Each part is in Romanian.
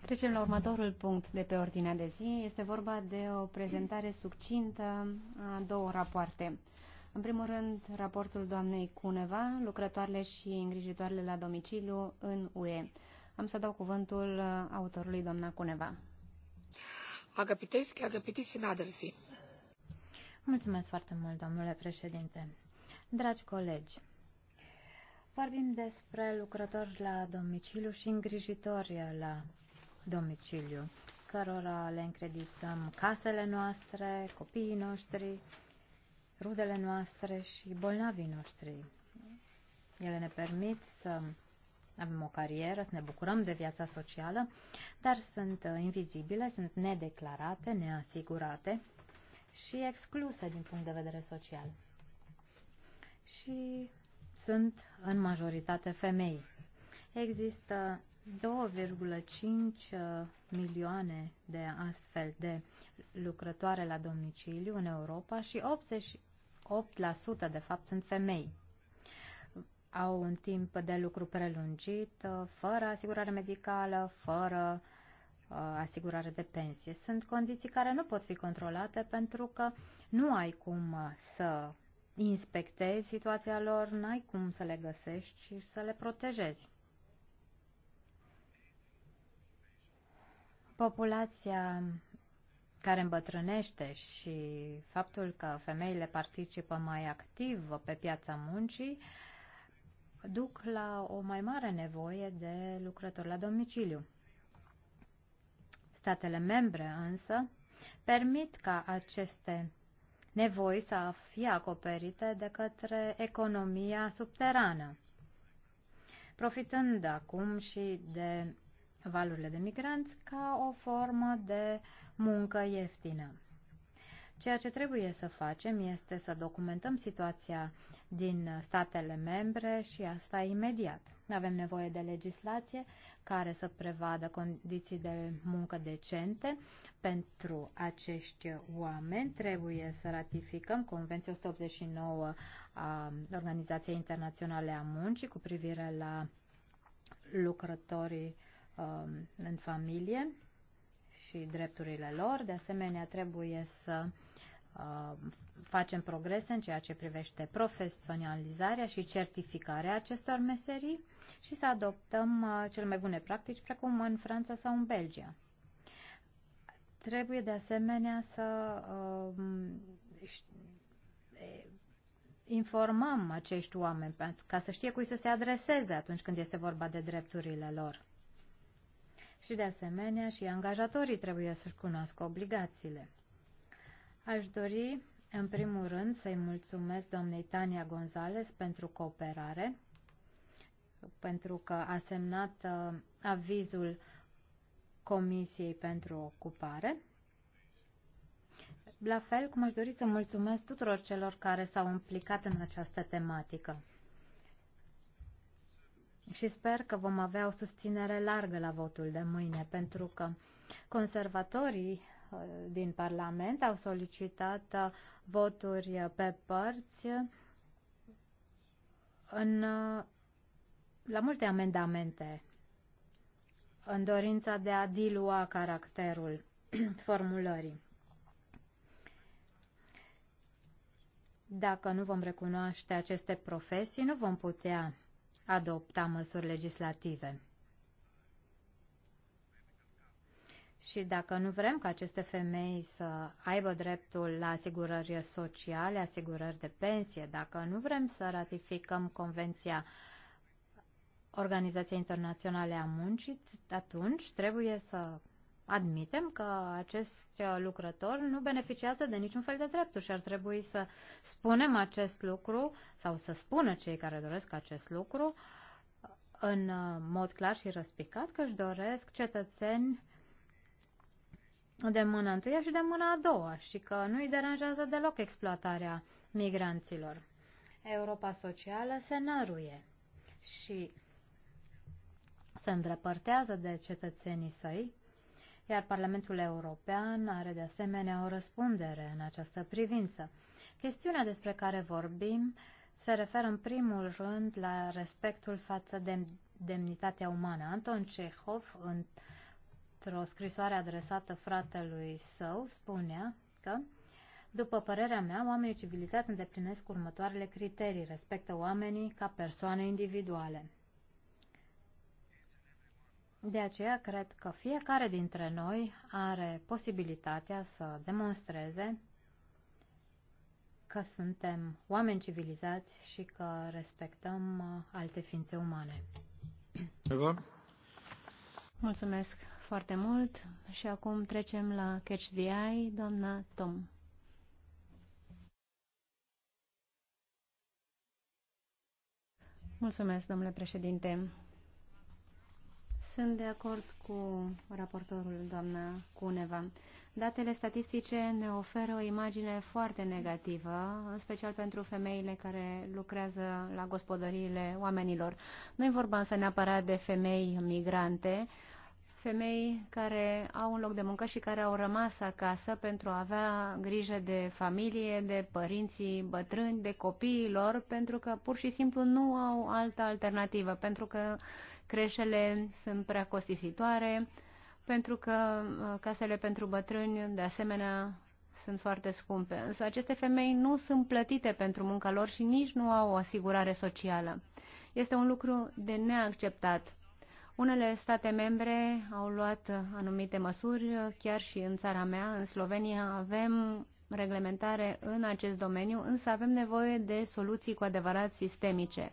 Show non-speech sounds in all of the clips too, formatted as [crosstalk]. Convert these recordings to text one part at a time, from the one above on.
Trecem la următorul punct de pe ordinea de zi. Este vorba de o prezentare succintă a două rapoarte. În primul rând, raportul doamnei Cuneva, lucrătoarele și îngrijitoarele la domiciliu în UE. Am să dau cuvântul autorului doamna Cuneva. Agapitesc, agapitiți în Adelfi. Mulțumesc foarte mult, domnule președinte. Dragi colegi, Vorbim despre lucrători la domiciliu și îngrijitori la domiciliu, cărora le încredităm casele noastre, copiii noștri, rudele noastre și bolnavii noștri. Ele ne permit să avem o carieră, să ne bucurăm de viața socială, dar sunt invizibile, sunt nedeclarate, neasigurate și excluse din punct de vedere social. Și sunt în majoritate femei. Există 2,5 uh, milioane de astfel de lucrătoare la domiciliu în Europa și 88% de fapt sunt femei. Au un timp de lucru prelungit, uh, fără asigurare medicală, fără uh, asigurare de pensie. Sunt condiții care nu pot fi controlate pentru că nu ai cum să inspectezi situația lor, n-ai cum să le găsești și să le protejezi. Populația care îmbătrânește și faptul că femeile participă mai activ pe piața muncii duc la o mai mare nevoie de lucrători la domiciliu. Statele membre însă permit ca aceste nevoi să fie acoperite de către economia subterană. Profitând acum și de valurile de migranți ca o formă de muncă ieftină. Ceea ce trebuie să facem este să documentăm situația din statele membre și asta imediat. Avem nevoie de legislație care să prevadă condiții de muncă decente pentru acești oameni. Trebuie să ratificăm Convenția 189 a Organizației Internaționale a Muncii cu privire la lucrătorii um, în familie și drepturile lor. De asemenea, trebuie să Uh, facem progrese în ceea ce privește profesionalizarea și certificarea acestor meserii și să adoptăm uh, cele mai bune practici, precum în Franța sau în Belgia. Trebuie de asemenea să uh, informăm acești oameni ca să știe cui să se adreseze atunci când este vorba de drepturile lor. Și de asemenea și angajatorii trebuie să-și cunoască obligațiile. Aș dori, în primul rând, să-i mulțumesc doamnei Tania Gonzales pentru cooperare, pentru că a semnat uh, avizul Comisiei pentru Ocupare. La fel cum aș dori să mulțumesc tuturor celor care s-au implicat în această tematică. Și sper că vom avea o susținere largă la votul de mâine, pentru că conservatorii din Parlament au solicitat uh, voturi pe părți în, uh, la multe amendamente în dorința de a dilua caracterul [clears throat] formulării. Dacă nu vom recunoaște aceste profesii, nu vom putea adopta măsuri legislative. Și dacă nu vrem ca aceste femei să aibă dreptul la asigurări sociale, asigurări de pensie, dacă nu vrem să ratificăm Convenția Organizației Internaționale a Muncii, atunci trebuie să admitem că acești lucrători nu beneficiază de niciun fel de drepturi și ar trebui să spunem acest lucru sau să spună cei care doresc acest lucru în mod clar și răspicat că își doresc cetățeni de mâna întâia și de mâna a doua și că nu îi deranjează deloc exploatarea migranților. Europa socială se năruie și se îndrepărtează de cetățenii săi, iar Parlamentul European are de asemenea o răspundere în această privință. Chestiunea despre care vorbim se referă în primul rând la respectul față de demnitatea umană. Anton Cehov, în într-o scrisoare adresată fratelui său, spunea că după părerea mea, oamenii civilizați îndeplinesc următoarele criterii. Respectă oamenii ca persoane individuale. De aceea cred că fiecare dintre noi are posibilitatea să demonstreze că suntem oameni civilizați și că respectăm uh, alte ființe umane. Mulțumesc foarte mult și acum trecem la Catch the Eye, doamna Tom. Mulțumesc, domnule președinte. Sunt de acord cu raportorul, doamna Cuneva. Datele statistice ne oferă o imagine foarte negativă, în special pentru femeile care lucrează la gospodăriile oamenilor. Nu i vorba să neapărat de femei migrante, femei care au un loc de muncă și care au rămas acasă pentru a avea grijă de familie, de părinții bătrâni, de copiii lor, pentru că pur și simplu nu au altă alternativă, pentru că creșele sunt prea costisitoare, pentru că uh, casele pentru bătrâni, de asemenea, sunt foarte scumpe. Însă aceste femei nu sunt plătite pentru munca lor și nici nu au o asigurare socială. Este un lucru de neacceptat unele state membre au luat anumite măsuri, chiar și în țara mea, în Slovenia, avem reglementare în acest domeniu, însă avem nevoie de soluții cu adevărat sistemice.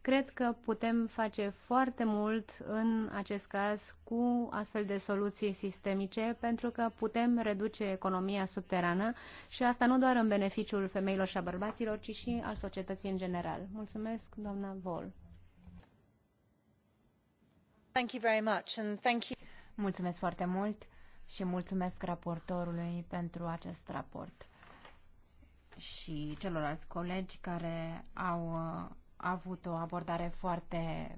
Cred că putem face foarte mult în acest caz cu astfel de soluții sistemice, pentru că putem reduce economia subterană și asta nu doar în beneficiul femeilor și a bărbaților, ci și al societății în general. Mulțumesc, doamna Vol. Mulțumesc foarte mult și mulțumesc raportorului pentru acest raport și celorlalți colegi care au uh, avut o abordare foarte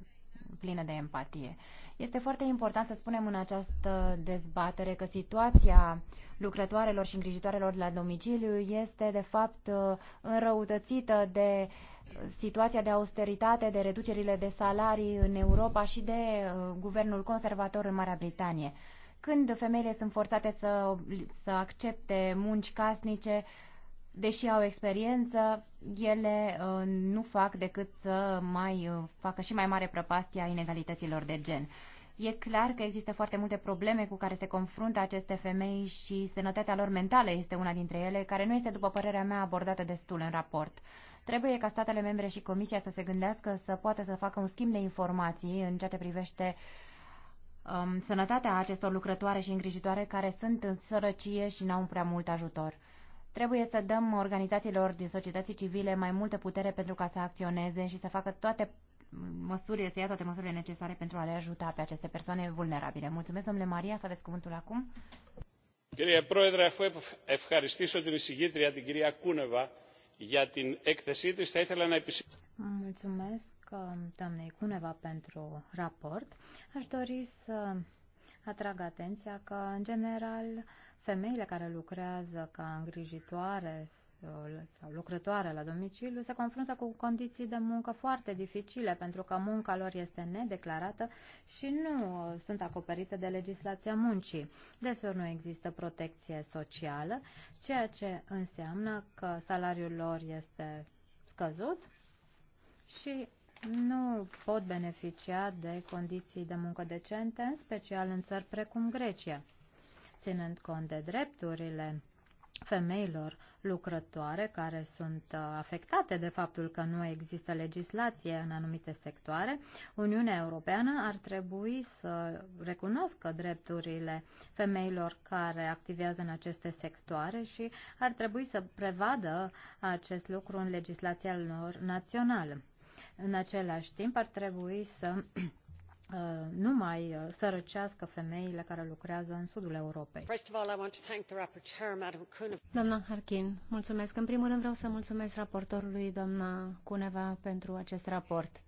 plină de empatie. Este foarte important să spunem în această dezbatere că situația lucrătoarelor și îngrijitoarelor la domiciliu este, de fapt, înrăutățită de situația de austeritate, de reducerile de salarii în Europa și de uh, guvernul conservator în Marea Britanie. Când femeile sunt forțate să, să accepte munci casnice, deși au experiență, ele uh, nu fac decât să mai uh, facă și mai mare prăpastia inegalităților de gen. E clar că există foarte multe probleme cu care se confruntă aceste femei și sănătatea lor mentală este una dintre ele, care nu este, după părerea mea, abordată destul în raport. Trebuie ca statele membre și Comisia să se gândească să poată să facă un schimb de informații în ceea ce privește um, sănătatea acestor lucrătoare și îngrijitoare care sunt în sărăcie și n-au prea mult ajutor. Trebuie să dăm organizațiilor din societății civile mai multă putere pentru ca să acționeze și să facă toate măsurile, să ia toate măsurile necesare pentru a le ajuta pe aceste persoane vulnerabile. Mulțumesc, domnule Maria, să aveți cuvântul acum. Κύριε Πρόεδρε, αφού ευχαριστήσω την εισηγήτρια, την κυρία Κούνεβα, για την έκθεσή της, θα ήθελα να επισημάνω. Mulțumesc, doamnei Cuneva, pentru raport. Aș dori să atrag atenția că, în general, femeile care lucrează ca îngrijitoare sau lucrătoare la domiciliu se confruntă cu condiții de muncă foarte dificile pentru că munca lor este nedeclarată și nu uh, sunt acoperite de legislația muncii. Deseori nu există protecție socială, ceea ce înseamnă că salariul lor este scăzut și nu pot beneficia de condiții de muncă decente, în special în țări precum Grecia ținând cont de drepturile femeilor lucrătoare care sunt uh, afectate de faptul că nu există legislație în anumite sectoare, Uniunea Europeană ar trebui să recunoască drepturile femeilor care activează în aceste sectoare și ar trebui să prevadă acest lucru în legislația lor națională. În același timp, ar trebui să [clears throat] Uh, nu mai uh, sărăcească femeile care lucrează în sudul Europei. Doamna Harkin, mulțumesc. În primul rând vreau să mulțumesc raportorului, doamna Cuneva, pentru acest raport.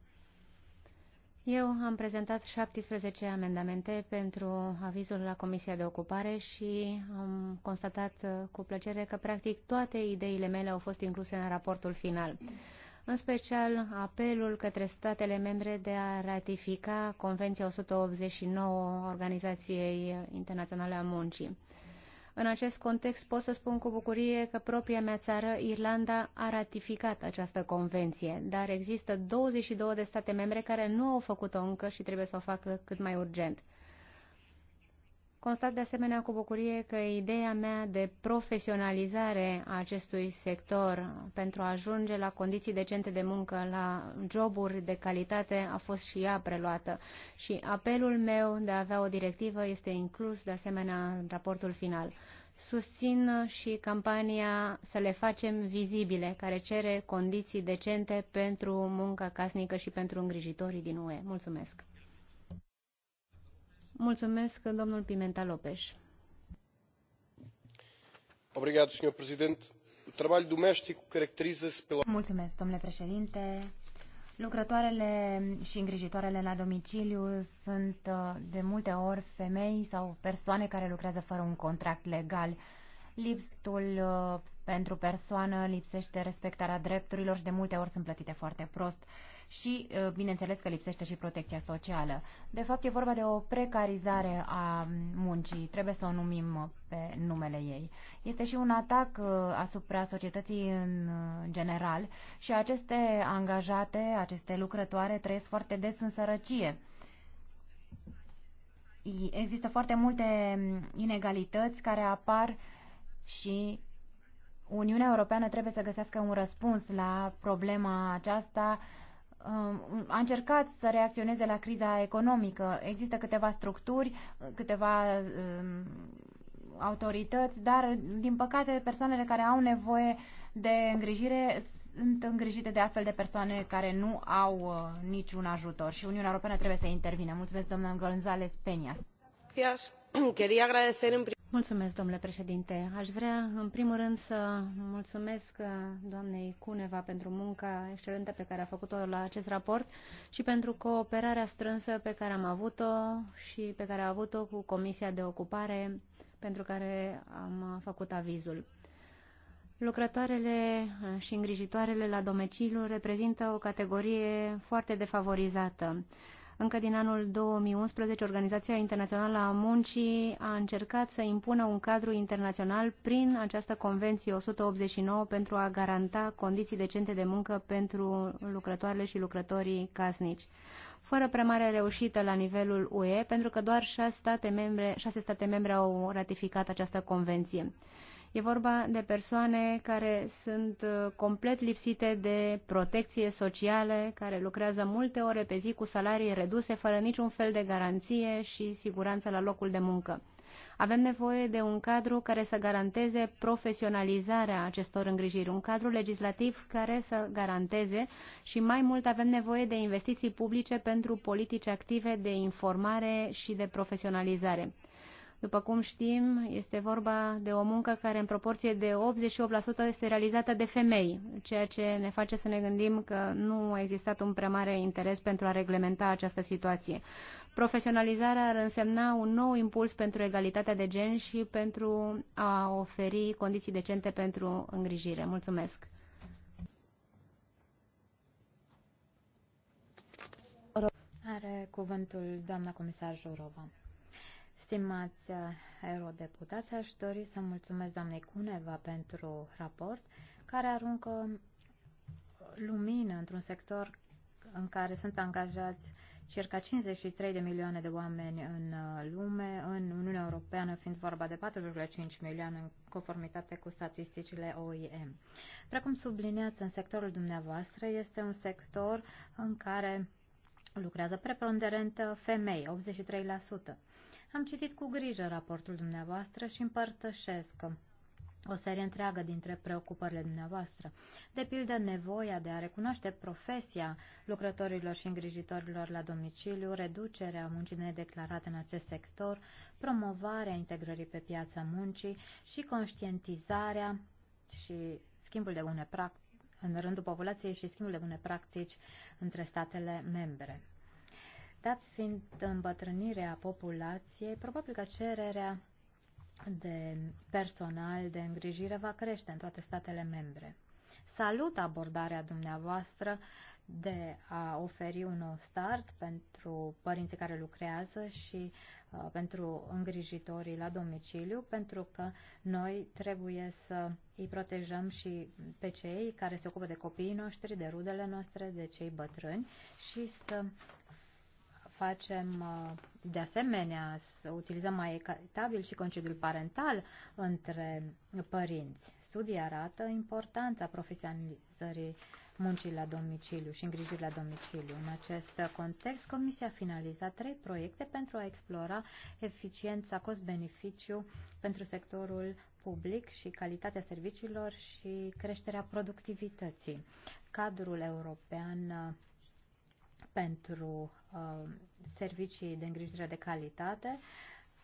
Eu am prezentat 17 amendamente pentru avizul la Comisia de Ocupare și am constatat uh, cu plăcere că practic toate ideile mele au fost incluse în raportul final în special apelul către statele membre de a ratifica Convenția 189 Organizației Internaționale a Muncii. În acest context pot să spun cu bucurie că propria mea țară, Irlanda, a ratificat această convenție, dar există 22 de state membre care nu au făcut-o încă și trebuie să o facă cât mai urgent. Constat de asemenea cu bucurie că ideea mea de profesionalizare a acestui sector pentru a ajunge la condiții decente de muncă, la joburi de calitate, a fost și ea preluată. Și apelul meu de a avea o directivă este inclus de asemenea în raportul final. Susțin și campania Să le facem vizibile, care cere condiții decente pentru munca casnică și pentru îngrijitorii din UE. Mulțumesc! Mulțumesc, domnul Pimenta Lopes. Obrigado, senhor presidente. O trabalho doméstico caracteriza-se pela... Mulțumesc, domnule președinte. Lucrătoarele și îngrijitoarele la domiciliu sunt uh, de multe ori femei sau persoane care lucrează fără un contract legal. Lipsul uh, pentru persoană lipsește respectarea drepturilor și de multe ori sunt plătite foarte prost și, uh, bineînțeles, că lipsește și protecția socială. De fapt, e vorba de o precarizare a muncii, trebuie să o numim pe numele ei. Este și un atac uh, asupra societății în uh, general și aceste angajate, aceste lucrătoare trăiesc foarte des în sărăcie există foarte multe mm, inegalități care apar și Uniunea Europeană trebuie să găsească un răspuns la problema aceasta Um, a încercat să reacționeze la criza economică. Există câteva structuri, câteva um, autorități, dar, din păcate, persoanele care au nevoie de îngrijire sunt îngrijite de astfel de persoane care nu au uh, niciun ajutor și Uniunea Europeană trebuie să intervină. Mulțumesc, doamna González Peñas. Mulțumesc, domnule președinte. Aș vrea, în primul rând, să mulțumesc uh, doamnei Cuneva pentru munca excelentă pe care a făcut-o la acest raport și pentru cooperarea strânsă pe care am avut-o și pe care a avut-o cu Comisia de Ocupare pentru care am făcut avizul. Lucrătoarele uh, și îngrijitoarele la domiciliu reprezintă o categorie foarte defavorizată încă din anul 2011, Organizația Internațională a Muncii a încercat să impună un cadru internațional prin această Convenție 189 pentru a garanta condiții decente de muncă pentru lucrătoarele și lucrătorii casnici fără prea mare reușită la nivelul UE, pentru că doar șase state membre, șase state membre au ratificat această convenție. E vorba de persoane care sunt uh, complet lipsite de protecție socială, care lucrează multe ore pe zi cu salarii reduse, fără niciun fel de garanție și siguranță la locul de muncă. Avem nevoie de un cadru care să garanteze profesionalizarea acestor îngrijiri, un cadru legislativ care să garanteze și mai mult avem nevoie de investiții publice pentru politici active de informare și de profesionalizare. După cum știm, este vorba de o muncă care în proporție de 88% este realizată de femei, ceea ce ne face să ne gândim că nu a existat un prea mare interes pentru a reglementa această situație. Profesionalizarea ar însemna un nou impuls pentru egalitatea de gen și pentru a oferi condiții decente pentru îngrijire. Mulțumesc! Are cuvântul doamna comisar Jourova. Stimați uh, eurodeputați, aș dori să mulțumesc doamnei Cuneva pentru raport, care aruncă lumină într-un sector în care sunt angajați circa 53 de milioane de oameni în uh, lume, în Uniunea Europeană fiind vorba de 4,5 milioane în conformitate cu statisticile OIM. Precum subliniați în sectorul dumneavoastră, este un sector în care Lucrează preponderent uh, femei, 83%. Am citit cu grijă raportul dumneavoastră și împărtășesc uh, o serie întreagă dintre preocupările dumneavoastră. De pildă, nevoia de a recunoaște profesia lucrătorilor și îngrijitorilor la domiciliu, reducerea muncii nedeclarate în acest sector, promovarea integrării pe piața muncii și conștientizarea și schimbul de bune practici în rândul populației și schimbul de bune practici între statele membre. Dat fiind îmbătrânirea populației, probabil că cererea de personal de îngrijire va crește în toate statele membre. Salut abordarea dumneavoastră uh, de a oferi un nou start pentru părinții care lucrează și uh, pentru îngrijitorii la domiciliu, pentru că noi trebuie să îi protejăm și pe cei care se ocupă de copiii noștri, de rudele noastre, de cei bătrâni și să facem uh, de asemenea să utilizăm mai echitabil și concediul parental între părinți. Studii arată importanța profesionalizării muncii la domiciliu și îngrijiri la domiciliu. În acest context, Comisia a finalizat trei proiecte pentru a explora eficiența cost-beneficiu pentru sectorul public și calitatea serviciilor și creșterea productivității. Cadrul european uh, pentru uh, servicii de îngrijire de calitate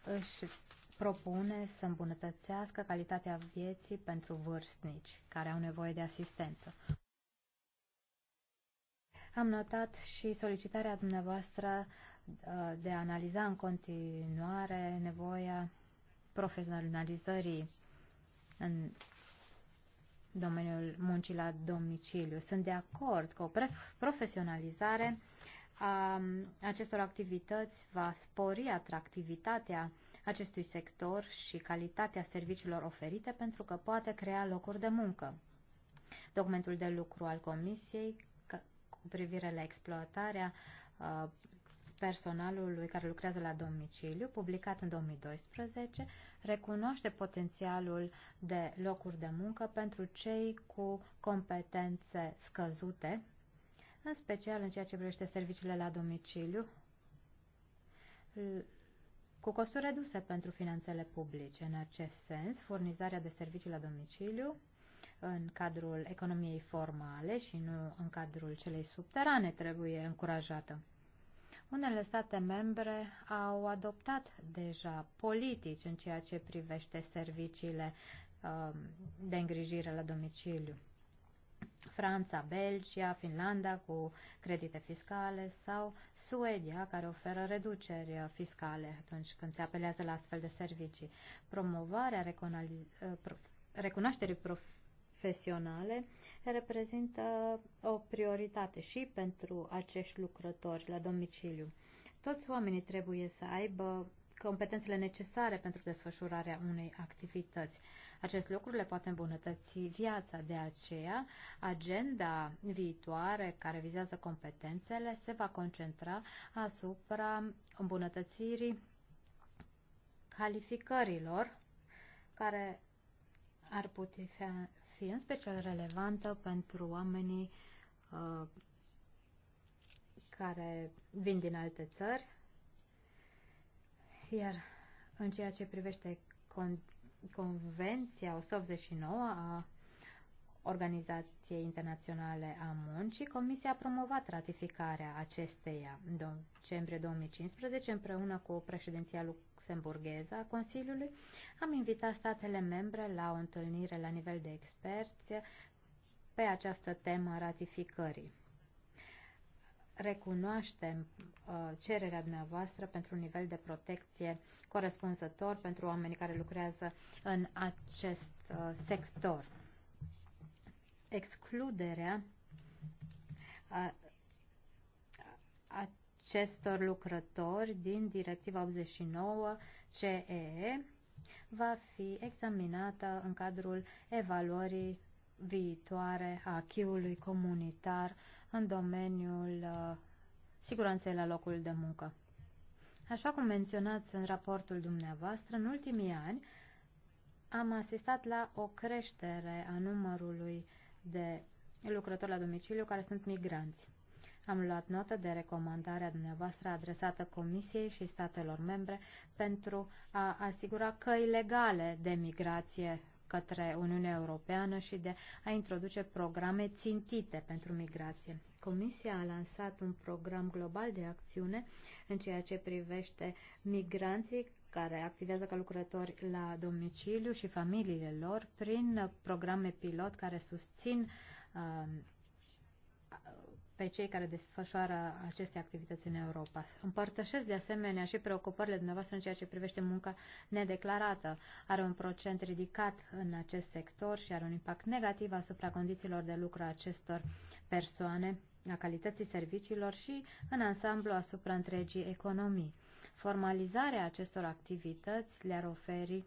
își propune să îmbunătățească calitatea vieții pentru vârstnici care au nevoie de asistență. Am notat și solicitarea dumneavoastră uh, de a analiza în continuare nevoia profesionalizării în domeniul muncii la domiciliu. Sunt de acord că o profesionalizare a um, acestor activități va spori atractivitatea acestui sector și calitatea serviciilor oferite pentru că poate crea locuri de muncă. Documentul de lucru al Comisiei cu privire la exploatarea uh, personalului care lucrează la domiciliu, publicat în 2012, recunoaște potențialul de locuri de muncă pentru cei cu competențe scăzute, în special în ceea ce privește serviciile la domiciliu, cu costuri reduse pentru finanțele publice. În acest sens, furnizarea de servicii la domiciliu în cadrul economiei formale și nu în cadrul celei subterane trebuie încurajată. Unele state membre au adoptat deja politici în ceea ce privește serviciile um, de îngrijire la domiciliu. Franța, Belgia, Finlanda cu credite fiscale sau Suedia care oferă reduceri fiscale atunci când se apelează la astfel de servicii. Promovarea uh, recunoașterii prof profesionale reprezintă o prioritate și pentru acești lucrători la domiciliu. Toți oamenii trebuie să aibă competențele necesare pentru desfășurarea unei activități. Acest lucru le poate îmbunătăți viața, de aceea agenda viitoare care vizează competențele se va concentra asupra îmbunătățirii calificărilor care ar putea fi în special relevantă pentru oamenii uh, care vin din alte țări, iar în ceea ce privește con Convenția 189 a Organizației Internaționale a Muncii, Comisia a promovat ratificarea acesteia în decembrie 2015 împreună cu președinția luxemburgheză a Consiliului. Am invitat statele membre la o întâlnire la nivel de experți pe această temă ratificării. Recunoaștem uh, cererea dumneavoastră pentru un nivel de protecție corespunzător pentru oamenii care lucrează în acest uh, sector excluderea a, acestor lucrători din Directiva 89 CEE va fi examinată în cadrul evaluării viitoare a acquis comunitar în domeniul uh, siguranței la locul de muncă. Așa cum menționați în raportul dumneavoastră, în ultimii ani am asistat la o creștere a numărului de lucrători la domiciliu care sunt migranți. Am luat notă de recomandarea dumneavoastră adresată Comisiei și statelor membre pentru a asigura căi legale de migrație către Uniunea Europeană și de a introduce programe țintite pentru migrație. Comisia a lansat un program global de acțiune în ceea ce privește migranții care activează ca lucrători la domiciliu și familiile lor prin programe pilot care susțin um, pe cei care desfășoară aceste activități în Europa. Împărtășesc de asemenea și preocupările dumneavoastră în ceea ce privește munca nedeclarată. Are un procent ridicat în acest sector și are un impact negativ asupra condițiilor de lucru a acestor persoane, a calității serviciilor și în ansamblu asupra întregii economii. Formalizarea acestor activități le-ar oferi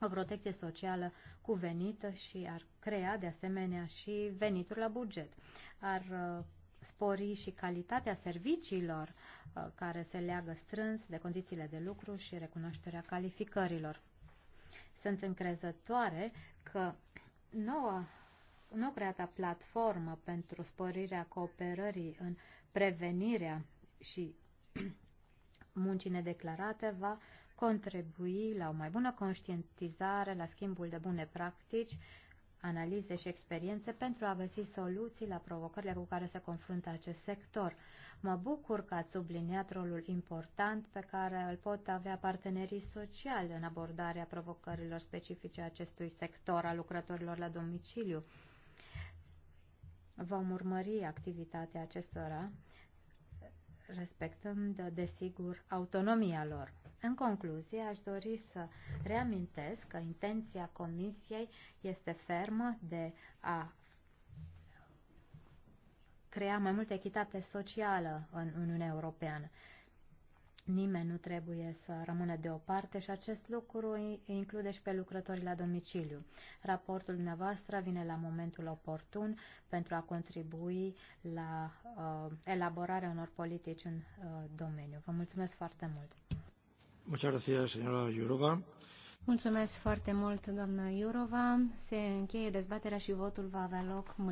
o protecție socială cuvenită și ar crea de asemenea și venituri la buget. Ar uh, spori și calitatea serviciilor uh, care se leagă strâns de condițiile de lucru și recunoașterea calificărilor. Sunt încrezătoare că noua nou creată platformă pentru sporirea cooperării în prevenirea și muncii nedeclarate va contribui la o mai bună conștientizare, la schimbul de bune practici, analize și experiențe pentru a găsi soluții la provocările cu care se confruntă acest sector. Mă bucur că ați subliniat rolul important pe care îl pot avea partenerii sociali în abordarea provocărilor specifice acestui sector a lucrătorilor la domiciliu. Vom urmări activitatea acestora respectând, desigur, autonomia lor. În concluzie, aș dori să reamintesc că intenția Comisiei este fermă de a crea mai multă echitate socială în Uniunea Europeană. Nimeni nu trebuie să rămână deoparte și acest lucru include și pe lucrătorii la domiciliu. Raportul dumneavoastră vine la momentul oportun pentru a contribui la uh, elaborarea unor politici în uh, domeniu. Vă mulțumesc foarte mult! Mulțumesc foarte mult, doamnă Iurova. Se încheie dezbaterea și votul va avea loc mâine.